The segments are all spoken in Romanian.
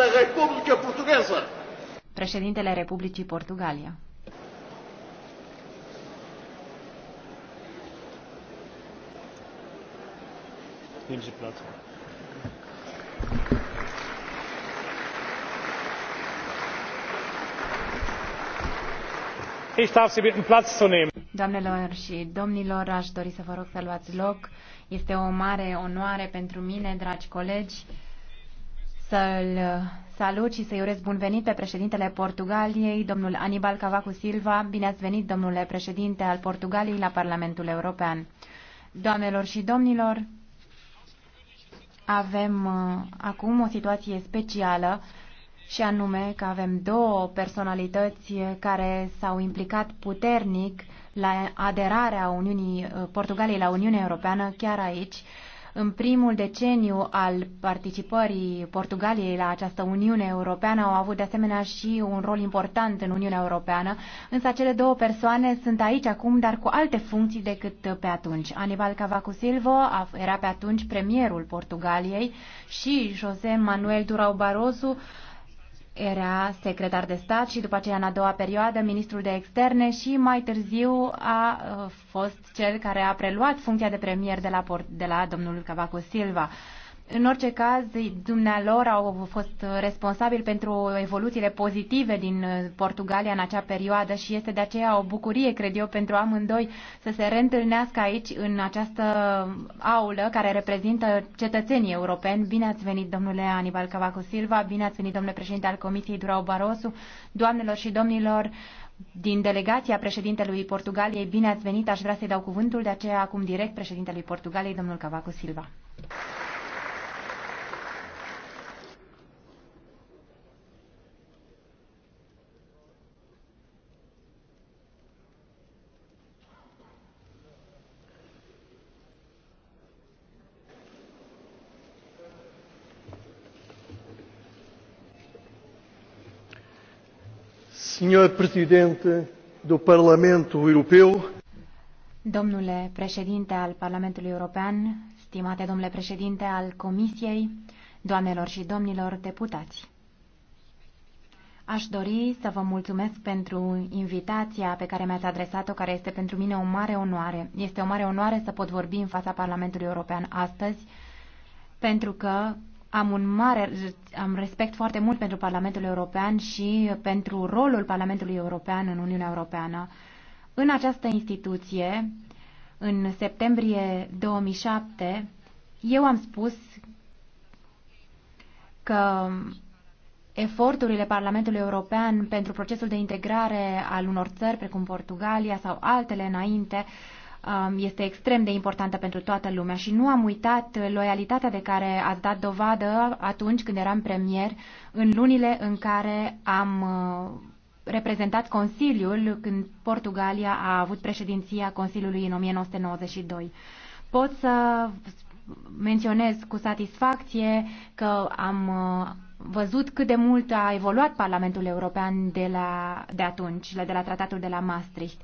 da República Portuguesa. Președintele Republicii Portugalia. Doamnelor și domnilor, aș dori să vă rog să luați loc. Este o mare onoare pentru mine, dragi colegi să-l uh, salut și să-i urez bun venit pe președintele Portugaliei, domnul Anibal Cavacu Silva. Bine ați venit, domnule președinte al Portugaliei, la Parlamentul European. Doamnelor și domnilor, avem uh, acum o situație specială și anume că avem două personalități care s-au implicat puternic la aderarea Uniunii, uh, Portugaliei la Uniunea Europeană chiar aici în primul deceniu al participării Portugaliei la această Uniune Europeană au avut de asemenea și un rol important în Uniunea Europeană, însă cele două persoane sunt aici acum, dar cu alte funcții decât pe atunci. Anibal Cavaco Silva era pe atunci premierul Portugaliei și José Manuel Durão Barroso era secretar de stat și după aceea în a doua perioadă ministrul de externe și mai târziu a uh, fost cel care a preluat funcția de premier de la, de la domnul Cavaco Silva. În orice caz, dumnealor au fost responsabili pentru evoluțiile pozitive din uh, Portugalia în acea perioadă și este de aceea o bucurie, cred eu, pentru amândoi să se reîntâlnească aici, în această aulă care reprezintă cetățenii europeni. Bine ați venit, domnule Anibal Cavaco Silva, bine ați venit, domnule președinte al Comisiei Durau Barosu, doamnelor și domnilor, din delegația președintelui Portugaliei, bine ați venit, aș vrea să-i dau cuvântul, de aceea acum direct președintelui Portugaliei, domnul Cavaco Silva. Senhor Presidente do Europeu, Domnule președinte al Parlamentului European, stimate domnule președinte al Comisiei, doamnelor și domnilor deputați, aș dori să vă mulțumesc pentru invitația pe care mi-ați adresat-o, care este pentru mine o mare onoare. Este o mare onoare să pot vorbi în fața Parlamentului European astăzi, pentru că am un mare am respect foarte mult pentru Parlamentul European și pentru rolul Parlamentului European în Uniunea Europeană. În această instituție, în septembrie 2007, eu am spus că eforturile Parlamentului European pentru procesul de integrare al unor țări precum Portugalia sau altele înainte Um, este extrem de importantă pentru toată lumea și nu am uitat uh, loialitatea de care ați dat dovadă atunci când eram premier, în lunile în care am uh, reprezentat Consiliul când Portugalia a avut președinția Consiliului în 1992. Pot să menționez cu satisfacție că am uh, văzut cât de mult a evoluat Parlamentul European de, la, de atunci, de la tratatul de la Maastricht.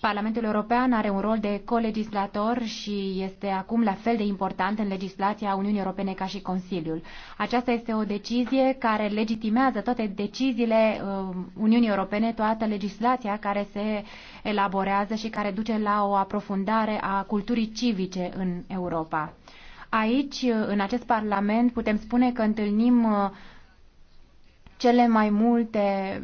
Parlamentul European are un rol de colegislator și este acum la fel de important în legislația Uniunii Europene ca și Consiliul. Aceasta este o decizie care legitimează toate deciziile uh, Uniunii Europene, toată legislația care se elaborează și care duce la o aprofundare a culturii civice în Europa. Aici, uh, în acest Parlament, putem spune că întâlnim uh, cele mai multe,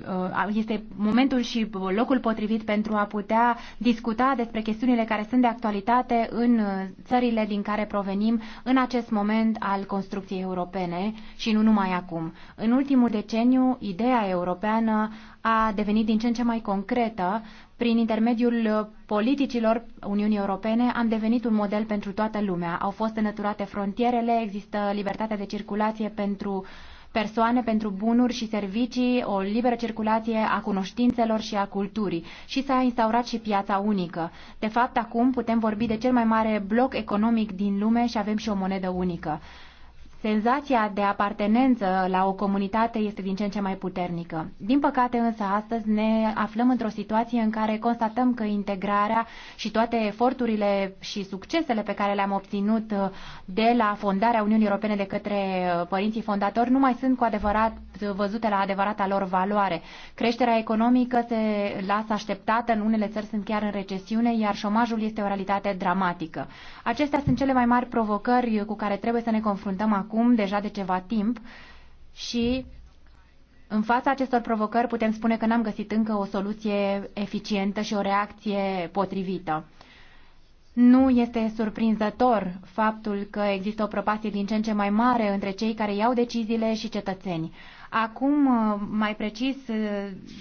uh, este momentul și locul potrivit pentru a putea discuta despre chestiunile care sunt de actualitate în uh, țările din care provenim în acest moment al construcției europene și nu numai acum. În ultimul deceniu, ideea europeană a devenit din ce în ce mai concretă. Prin intermediul uh, politicilor Uniunii Europene am devenit un model pentru toată lumea. Au fost înăturate frontierele, există libertatea de circulație pentru uh, persoane, pentru bunuri și servicii, o liberă circulație a cunoștințelor și a culturii și s-a instaurat și piața unică. De fapt, acum putem vorbi de cel mai mare bloc economic din lume și avem și o monedă unică. Senzația de apartenență la o comunitate este din ce în ce mai puternică. Din păcate însă astăzi ne aflăm într-o situație în care constatăm că integrarea și toate eforturile și succesele pe care le-am obținut uh, de la fondarea Uniunii Europene de către uh, părinții fondatori nu mai sunt cu adevărat uh, văzute la adevărata lor valoare. Creșterea economică se lasă așteptată, în unele țări sunt chiar în recesiune, iar șomajul este o realitate dramatică. Acestea sunt cele mai mari provocări cu care trebuie să ne confruntăm acum acum deja de ceva timp și în fața acestor provocări putem spune că n-am găsit încă o soluție eficientă și o reacție potrivită. Nu este surprinzător faptul că există o prăpastie din ce în ce mai mare între cei care iau deciziile și cetățeni. Acum, uh, mai precis,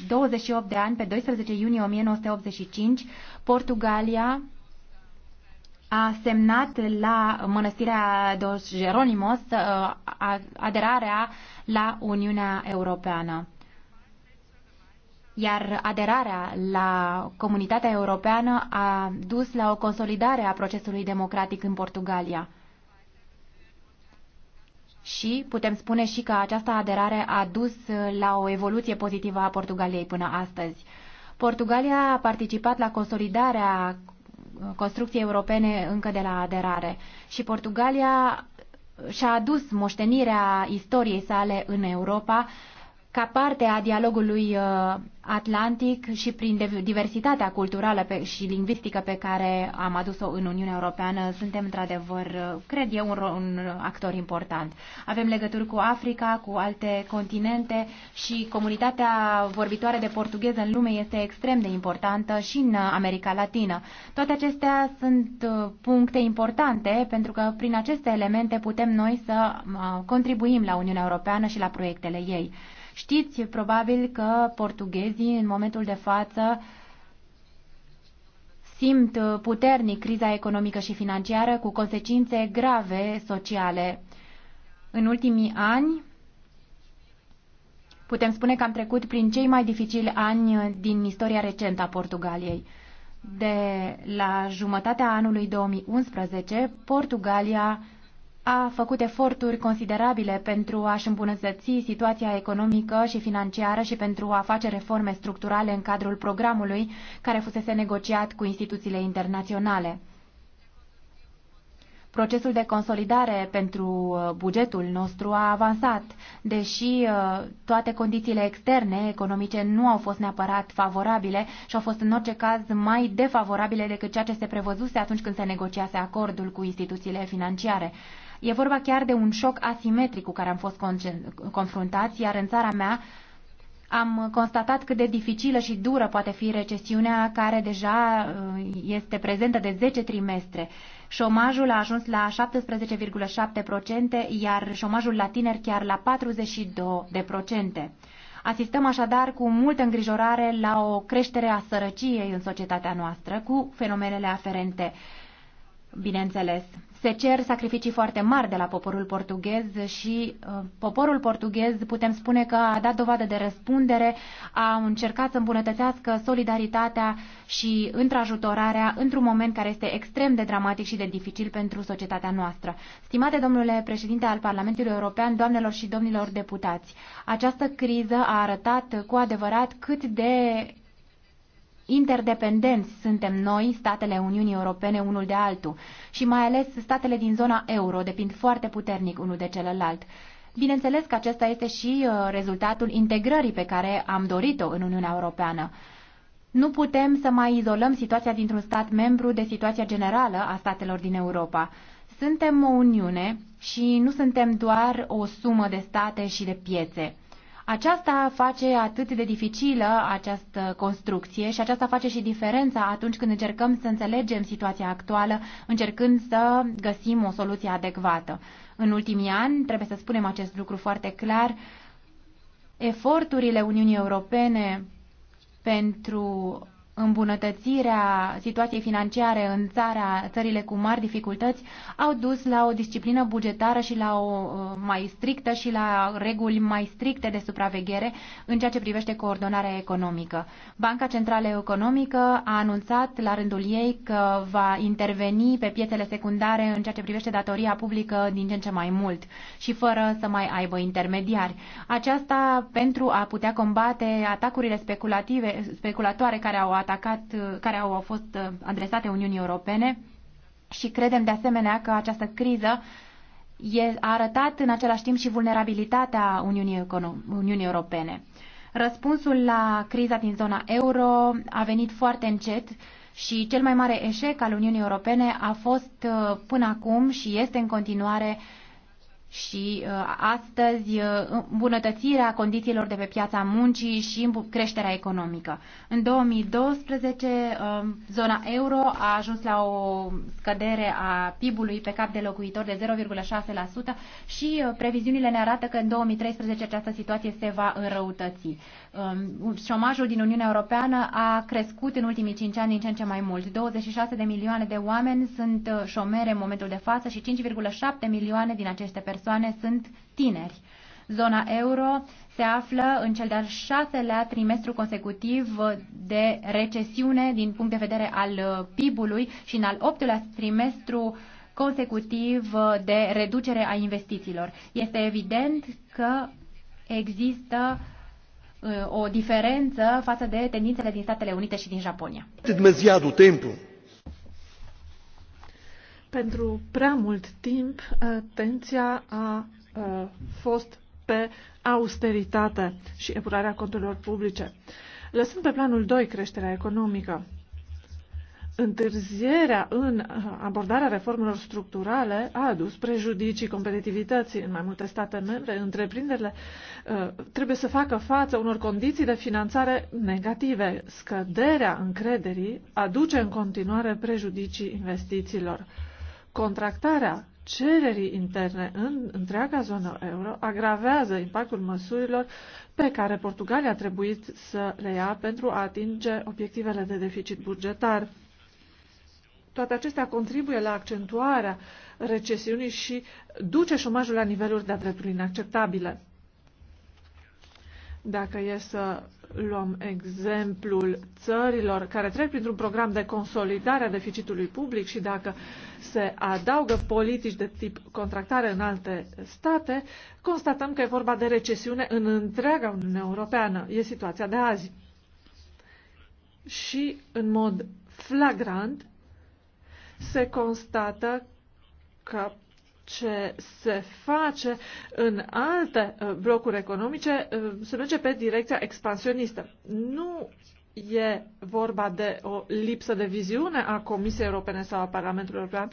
28 uh, de ani, pe 12 iunie 1985, Portugalia a semnat la Mănăstirea Dos Geronimos uh, aderarea la Uniunea Europeană. Iar aderarea la Comunitatea Europeană a dus la o consolidare a procesului democratic în Portugalia. Și putem spune și că această aderare a dus la o evoluție pozitivă a Portugaliei până astăzi. Portugalia a participat la consolidarea construcții europene încă de la aderare. Și Portugalia și-a adus moștenirea istoriei sale în Europa ca parte a dialogului uh, atlantic și prin diversitatea culturală și lingvistică pe care am adus-o în Uniunea Europeană, suntem într-adevăr, uh, cred eu, un, actor important. Avem legături cu Africa, cu alte continente și comunitatea vorbitoare de portugheză în lume este extrem de importantă și în America Latină. Toate acestea sunt uh, puncte importante pentru că prin aceste elemente putem noi să contribuim la Uniunea Europeană și la proiectele ei. Știți probabil că portughezii în momentul de față simt puternic criza economică și financiară cu consecințe grave sociale. În ultimii ani, putem spune că am trecut prin cei mai dificili ani din istoria recentă a Portugaliei. De la jumătatea anului 2011, Portugalia a făcut eforturi considerabile pentru a-și îmbunătăți situația economică și financiară și pentru a face reforme structurale în cadrul programului care fusese negociat cu instituțiile internaționale. Procesul de consolidare pentru uh, bugetul nostru a avansat, deși uh, toate condițiile externe economice nu au fost neapărat favorabile și au fost în orice caz mai defavorabile decât ceea ce se prevăzuse atunci când se negociase acordul cu instituțiile financiare. E vorba chiar de un șoc asimetric cu care am fost confruntați, iar în țara mea am constatat cât de dificilă și dură poate fi recesiunea care deja uh, este prezentă de 10 trimestre. Șomajul a ajuns la 17,7%, iar șomajul la tineri chiar la 42%. Asistăm așadar cu multă îngrijorare la o creștere a sărăciei în societatea noastră, cu fenomenele aferente, bineînțeles se cer sacrificii foarte mari de la poporul portughez și uh, poporul portughez putem spune că a dat dovadă de răspundere, a încercat să îmbunătățească solidaritatea și întrajutorarea într-un moment care este extrem de dramatic și de dificil pentru societatea noastră. Stimate domnule președinte al Parlamentului European, doamnelor și domnilor deputați, această criză a arătat cu adevărat cât de interdependenți suntem noi, statele Uniunii Europene, unul de altul și mai ales statele din zona euro depind foarte puternic unul de celălalt. Bineînțeles că acesta este și uh, rezultatul integrării pe care am dorit-o în Uniunea Europeană. Nu putem să mai izolăm situația dintr-un stat membru de situația generală a statelor din Europa. Suntem o Uniune și nu suntem doar o sumă de state și de piețe. Aceasta face atât de dificilă această construcție și aceasta face și diferența atunci când încercăm să înțelegem situația actuală, încercând să găsim o soluție adecvată. În ultimii ani, trebuie să spunem acest lucru foarte clar, eforturile Uniunii Europene pentru îmbunătățirea situației financiare în țara, țările cu mari dificultăți au dus la o disciplină bugetară și la o uh, mai strictă și la reguli mai stricte de supraveghere în ceea ce privește coordonarea economică. Banca Centrală Economică a anunțat la rândul ei că va interveni pe piețele secundare în ceea ce privește datoria publică din ce în ce mai mult și fără să mai aibă intermediari. Aceasta pentru a putea combate atacurile speculative, speculatoare care au atacat, care au fost uh, adresate Uniunii Europene și credem de asemenea că această criză a arătat în același timp și vulnerabilitatea Uniunii, Uniunii Europene. Răspunsul la criza din zona euro a venit foarte încet și cel mai mare eșec al Uniunii Europene a fost uh, până acum și este în continuare și uh, astăzi uh, îmbunătățirea condițiilor de pe piața muncii și creșterea economică. În 2012, um, zona euro a ajuns la o scădere a PIB-ului pe cap de locuitor de 0,6% și uh, previziunile ne arată că în 2013 această situație se va înrăutăți. Um, șomajul din Uniunea Europeană a crescut în ultimii 5 ani din ce în ce mai mult. 26 de milioane de oameni sunt șomere în momentul de față și 5,7 milioane din aceste persoane persoane sunt tineri. Zona euro se află în cel de-al șaselea trimestru consecutiv de recesiune din punct de vedere al uh, PIB-ului și în al optulea trimestru consecutiv uh, de reducere a investițiilor. Este evident că există uh, o diferență față de tendințele din Statele Unite și din Japonia. Demasiado timpul. Pentru prea mult timp, atenția a fost pe austeritate și epurarea conturilor publice. Lăsând pe planul 2 creșterea economică, întârzierea în abordarea reformelor structurale a adus prejudicii competitivității în mai multe state membre. Întreprinderile uh, trebuie să facă față unor condiții de finanțare negative. Scăderea încrederii aduce în continuare prejudicii investițiilor contractarea cererii interne în întreaga zonă euro agravează impactul măsurilor pe care Portugalia a trebuit să le ia pentru a atinge obiectivele de deficit bugetar. Toate acestea contribuie la accentuarea recesiunii și duce șomajul la niveluri de-a dreptului inacceptabile. Dacă e să luăm exemplul țărilor care trec printr-un program de consolidare a deficitului public și dacă se adaugă politici de tip contractare în alte state, constatăm că e vorba de recesiune în întreaga Uniune Europeană. E situația de azi. Și, în mod flagrant, se constată că ce se face în alte uh, blocuri economice uh, se merge pe direcția expansionistă. Nu e vorba de o lipsă de viziune a Comisiei Europene sau a Parlamentului European.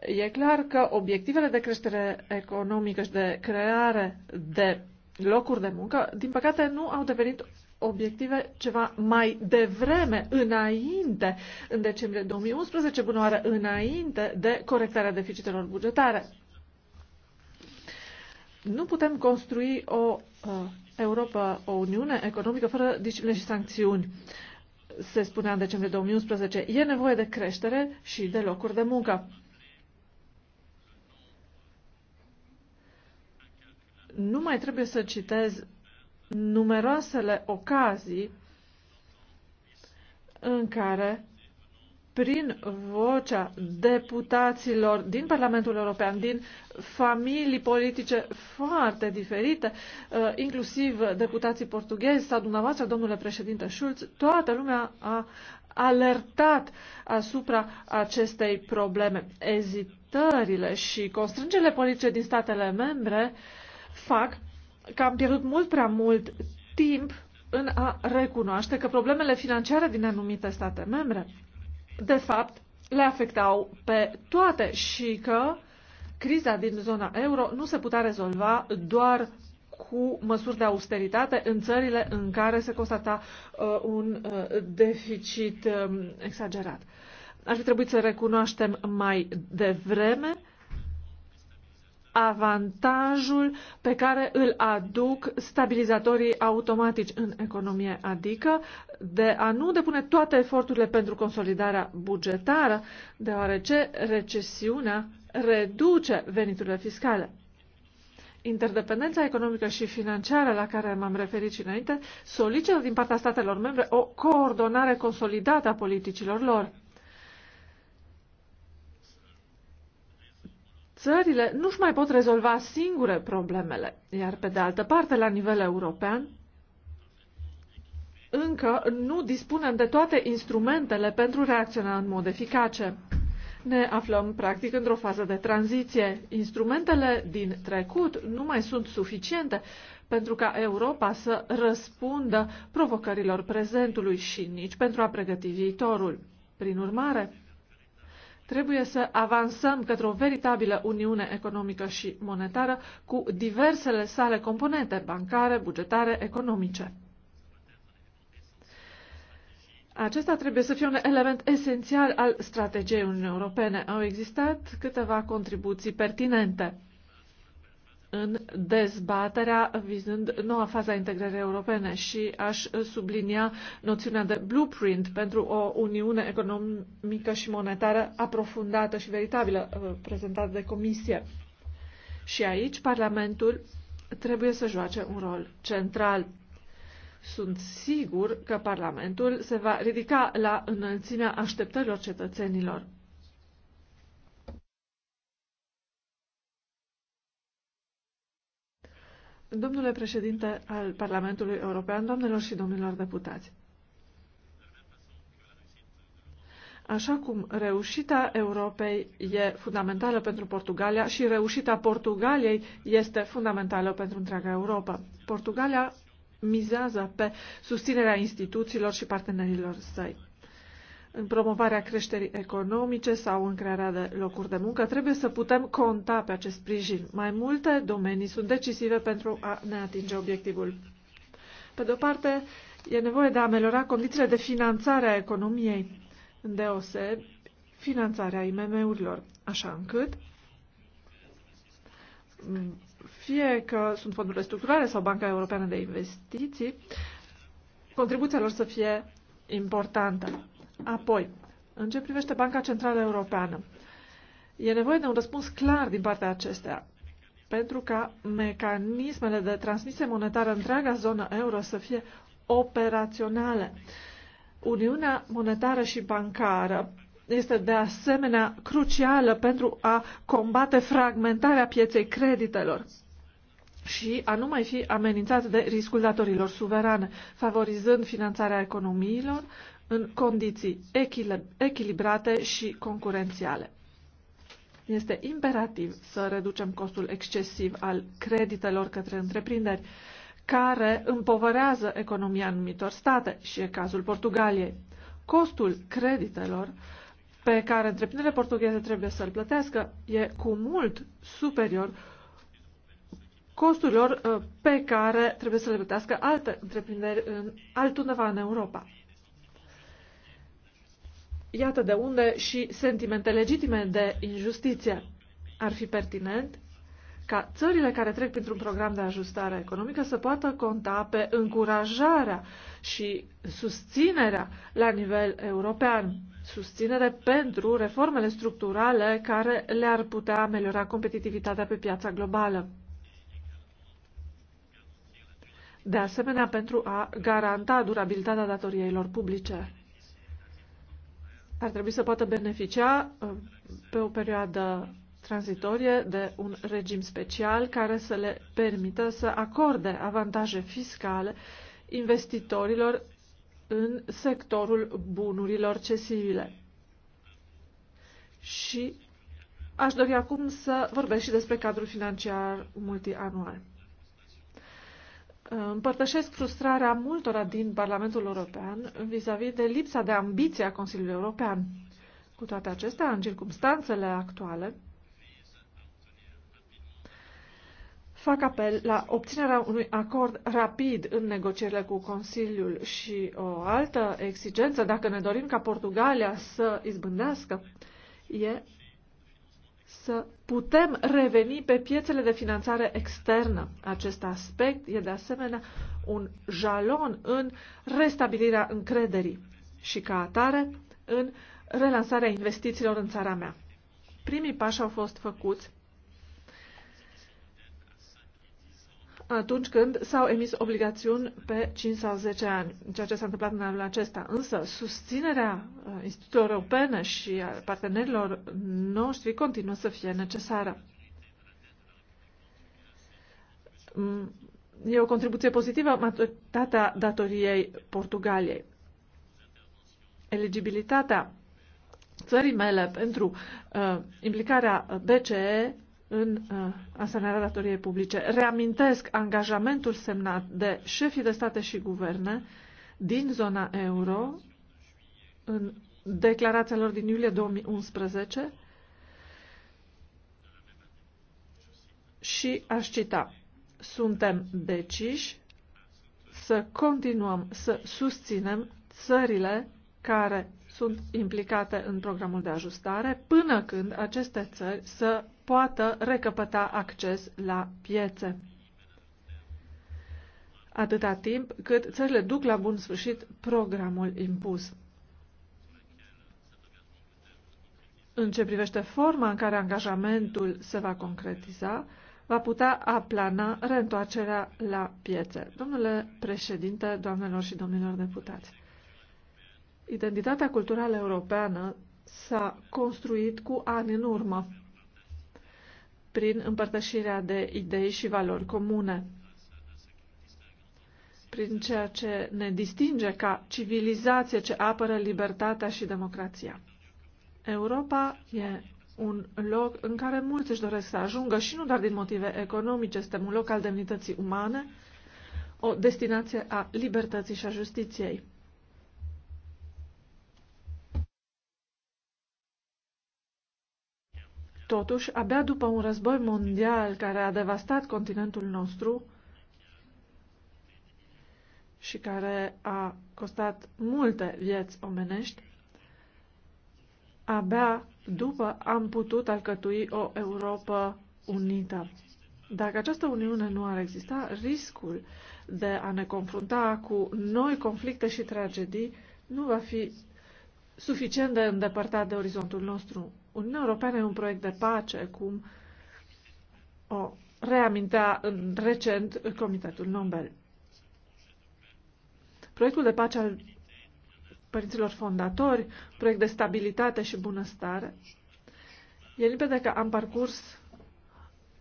E clar că obiectivele de creștere economică și de creare de locuri de muncă, din păcate, nu au devenit obiective ceva mai devreme, înainte, în decembrie 2011, bună oară, înainte de corectarea deficitelor bugetare. Nu putem construi o uh, Europa, o Uniune economică fără discipline și sancțiuni. Se spunea în decembrie 2011, e nevoie de creștere și de locuri de muncă. Nu mai trebuie să citez numeroasele ocazii în care, prin vocea deputaților din Parlamentul European, din familii politice foarte diferite, uh, inclusiv deputații portughezi sau dumneavoastră, domnule președinte Schulz, toată lumea a alertat asupra acestei probleme. Ezitările și constrângerile politice din statele membre fac că am pierdut mult prea mult timp în a recunoaște că problemele financiare din anumite state membre, de fapt, le afectau pe toate și că criza din zona euro nu se putea rezolva doar cu măsuri de austeritate în țările în care se constata uh, un uh, deficit uh, exagerat. Ar fi trebuit să recunoaștem mai devreme uh, avantajul pe care îl aduc stabilizatorii automatici în economie, adică de a nu depune toate eforturile pentru consolidarea bugetară, deoarece recesiunea reduce veniturile fiscale. Interdependența economică și financiară la care m-am referit și înainte solicită din partea statelor membre o coordonare consolidată a politicilor lor țările nu-și mai pot rezolva singure problemele, iar pe de altă parte, la nivel european, încă nu dispunem de toate instrumentele pentru reacționa în mod eficace. Ne aflăm practic într-o fază de tranziție. Instrumentele din trecut nu mai sunt suficiente pentru ca Europa să răspundă provocărilor prezentului și nici pentru a pregăti viitorul. Prin urmare, Trebuie să avansăm către o veritabilă uniune economică și monetară cu diversele sale componente bancare, bugetare, economice. Acesta trebuie să fie un element esențial al strategiei Uniunii Europene. Au existat câteva contribuții pertinente în dezbaterea vizând noua fază a integrării europene și aș sublinia noțiunea de blueprint pentru o uniune economică și monetară aprofundată și veritabilă uh, prezentată de Comisie. Și aici Parlamentul trebuie să joace un rol central. Sunt sigur că Parlamentul se va ridica la înălțimea așteptărilor cetățenilor. Domnule președinte al Parlamentului European, doamnelor și domnilor deputați, Așa cum reușita Europei e fundamentală pentru Portugalia și reușita Portugaliei este fundamentală pentru întreaga Europa. Portugalia mizează pe susținerea instituțiilor și partenerilor săi în promovarea creșterii economice sau în crearea de locuri de muncă, trebuie să putem conta pe acest sprijin. Mai multe domenii sunt decisive pentru a ne atinge obiectivul. Pe de o parte, e nevoie de a ameliora condițiile de finanțare a economiei, îndeoseb finanțarea IMM-urilor, așa încât fie că sunt fondurile structurale sau Banca Europeană de Investiții, contribuția lor să fie importantă. Apoi, în ce privește Banca Centrală Europeană, e nevoie de un răspuns clar din partea acestea pentru ca mecanismele de transmisie monetară întreaga zonă euro să fie operaționale. Uniunea monetară și bancară este de asemenea crucială pentru a combate fragmentarea pieței creditelor și a nu mai fi amenințat de riscul datorilor suverane, favorizând finanțarea economiilor în condiții echilibrate și concurențiale. Este imperativ să reducem costul excesiv al creditelor către întreprinderi, care împovărează economia anumitor state și e cazul Portugaliei. Costul creditelor pe care întreprinderile portugheze trebuie să-l plătească e cu mult superior costurilor uh, pe care trebuie să le plătească alte întreprinderi în altundeva în Europa. Iată de unde și sentimente legitime de injustiție. Ar fi pertinent ca țările care trec printr-un program de ajustare economică să poată conta pe încurajarea și susținerea la nivel european, susținere pentru reformele structurale care le-ar putea ameliora competitivitatea pe piața globală. De asemenea, pentru a garanta durabilitatea datoriilor publice ar trebui să poată beneficia uh, pe o perioadă tranzitorie de un regim special care să le permită să acorde avantaje fiscale investitorilor în sectorul bunurilor cesivile. Și aș dori acum să vorbesc și despre cadrul financiar multianual. Împărtășesc frustrarea multora din Parlamentul European vis-a-vis -vis de lipsa de ambiție a Consiliului European. Cu toate acestea, în circumstanțele actuale, fac apel la obținerea unui acord rapid în negocierile cu Consiliul și o altă exigență, dacă ne dorim ca Portugalia să izbândească, e să putem reveni pe piețele de finanțare externă. Acest aspect e de asemenea un jalon în restabilirea încrederii și ca atare în relansarea investițiilor în țara mea. Primii pași au fost făcuți atunci când s-au emis obligațiuni pe 5 sau 10 ani, ceea ce s-a întâmplat în anul acesta. Însă, susținerea uh, instituțiilor europene și a partenerilor noștri continuă să fie necesară. Mm, e o contribuție pozitivă maturitatea datoriei Portugaliei. Eligibilitatea țării mele pentru uh, implicarea BCE în uh, asemenea datoriei publice. Reamintesc angajamentul semnat de șefii de state și guverne din zona euro în declarația lor din iulie 2011 și aș cita. Suntem deciși să continuăm să susținem țările care sunt implicate în programul de ajustare până când aceste țări să poată recăpăta acces la piețe. Atâta timp cât țările duc la bun sfârșit programul impus. În ce privește forma în care angajamentul se va concretiza, va putea aplana reîntoarcerea la piețe. Domnule președinte, doamnelor și domnilor deputați, identitatea culturală europeană s-a construit cu ani în urmă prin împărtășirea de idei și valori comune. Prin ceea ce ne distinge ca civilizație ce apără libertatea și democrația. Europa e un loc în care mulți își doresc să ajungă și nu doar din motive economice, este un loc al demnității umane, o destinație a libertății și a justiției. Totuși, abia după un război mondial care a devastat continentul nostru și care a costat multe vieți omenești, abia după am putut alcătui o Europa unită. Dacă această uniune nu ar exista, riscul de a ne confrunta cu noi conflicte și tragedii nu va fi suficient de îndepărtat de orizontul nostru. Uniunea Europeană e un proiect de pace, cum o reamintea în recent Comitetul Nobel. Proiectul de pace al părinților fondatori, proiect de stabilitate și bunăstare. E limpede că am parcurs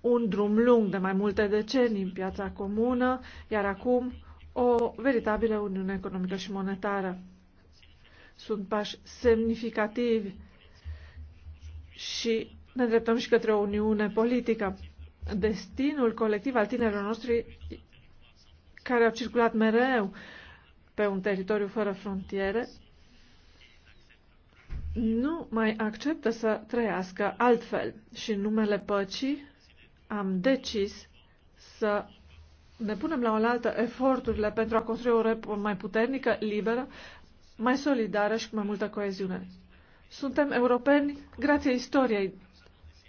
un drum lung de mai multe decenii în piața comună, iar acum o veritabilă uniune economică și monetară. Sunt pași semnificativi și ne îndreptăm și către o uniune politică. Destinul colectiv al tinerilor noștri care au circulat mereu pe un teritoriu fără frontiere nu mai acceptă să trăiască altfel și în numele păcii am decis să ne punem la oaltă eforturile pentru a construi o repo mai puternică, liberă, mai solidară și cu mai multă coeziune. Suntem europeni grație istoriei,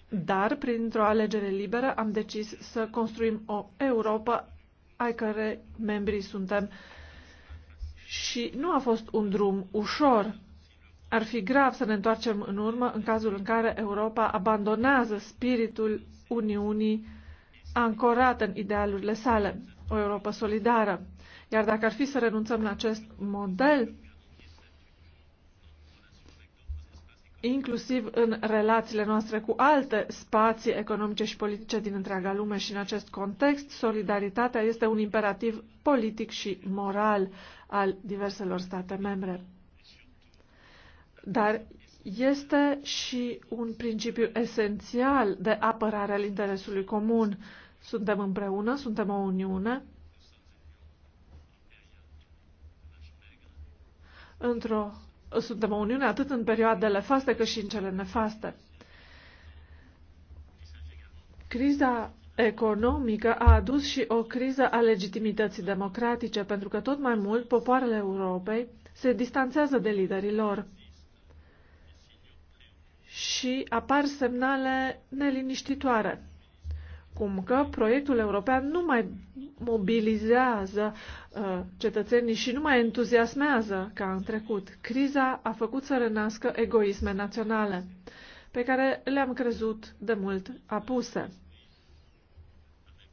dar printr-o alegere liberă am decis să construim o Europa ai care membrii suntem. Și nu a fost un drum ușor. Ar fi grav să ne întoarcem în urmă în cazul în care Europa abandonează spiritul Uniunii ancorat în idealurile sale, o Europa solidară. Iar dacă ar fi să renunțăm la acest model, inclusiv în relațiile noastre cu alte spații economice și politice din întreaga lume și în acest context solidaritatea este un imperativ politic și moral al diverselor state membre. Dar este și un principiu esențial de apărare al interesului comun. Suntem împreună, suntem o uniune, într-o suntem o Uniune atât în perioadele faste cât și în cele nefaste. Criza economică a adus și o criză a legitimității democratice, pentru că tot mai mult popoarele Europei se distanțează de liderii lor și apar semnale neliniștitoare. Cum că proiectul european nu mai mobilizează uh, cetățenii și nu mai entuziasmează ca în trecut. Criza a făcut să renască egoisme naționale pe care le-am crezut de mult apuse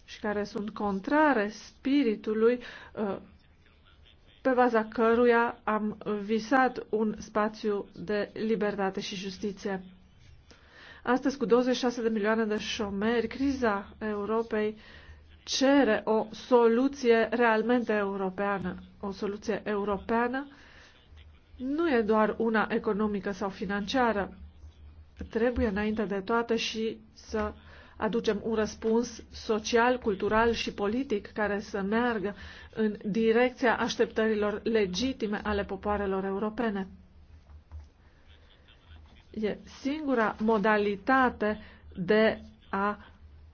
și care sunt contrare spiritului uh, pe baza căruia am visat un spațiu de libertate și justiție. Astăzi, cu 26 de milioane de șomeri, criza Europei cere o soluție realmente europeană. O soluție europeană nu e doar una economică sau financiară. Trebuie înainte de toate și să aducem un răspuns social, cultural și politic care să meargă în direcția așteptărilor legitime ale popoarelor europene. E singura modalitate de a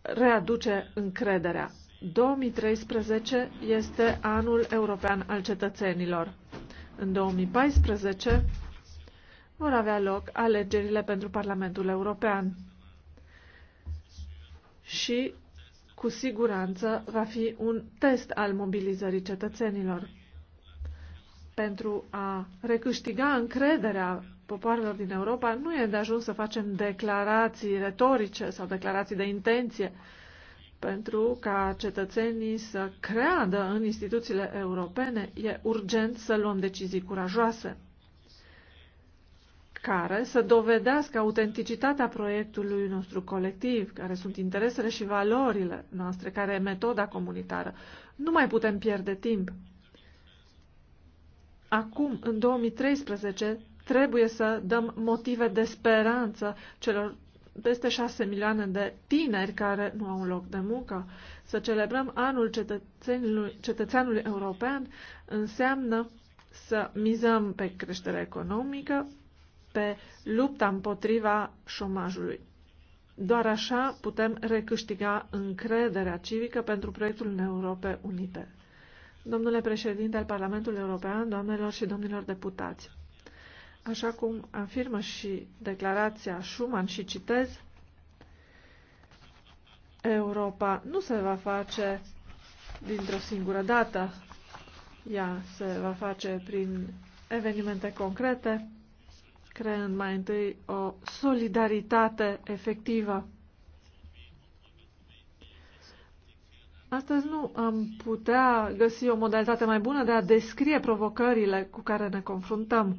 readuce încrederea. 2013 este anul european al cetățenilor. În 2014 vor avea loc alegerile pentru Parlamentul European. Și, cu siguranță, va fi un test al mobilizării cetățenilor. Pentru a recâștiga încrederea popoarelor din Europa, nu e de ajuns să facem declarații retorice sau declarații de intenție pentru ca cetățenii să creadă în instituțiile europene, e urgent să luăm decizii curajoase care să dovedească autenticitatea proiectului nostru colectiv, care sunt interesele și valorile noastre, care e metoda comunitară. Nu mai putem pierde timp. Acum, în 2013, Trebuie să dăm motive de speranță celor peste șase milioane de tineri care nu au un loc de muncă. Să celebrăm anul cetățenului, cetățeanului european înseamnă să mizăm pe creșterea economică, pe lupta împotriva șomajului. Doar așa putem recâștiga încrederea civică pentru proiectul în Europe Unite. Domnule președinte al Parlamentului European, doamnelor și domnilor deputați, Așa cum afirmă și declarația Schuman și citez, Europa nu se va face dintr-o singură dată. Ea se va face prin evenimente concrete, creând mai întâi o solidaritate efectivă. Astăzi nu am putea găsi o modalitate mai bună de a descrie provocările cu care ne confruntăm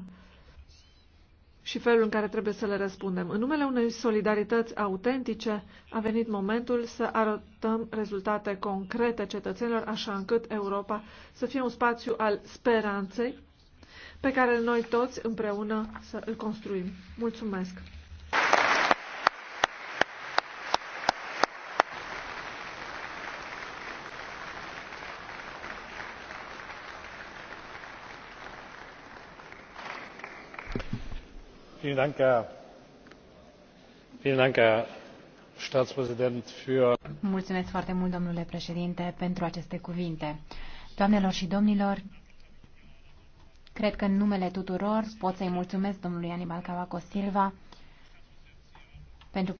și felul în care trebuie să le răspundem. În numele unei solidarități autentice a venit momentul să arătăm rezultate concrete cetățenilor, așa încât Europa să fie un spațiu al speranței pe care noi toți împreună să îl construim. Mulțumesc! Mulțumesc foarte mult, domnule președinte, pentru aceste cuvinte. Doamnelor și domnilor, cred că în numele tuturor pot să-i mulțumesc domnului Anibal Cavaco Silva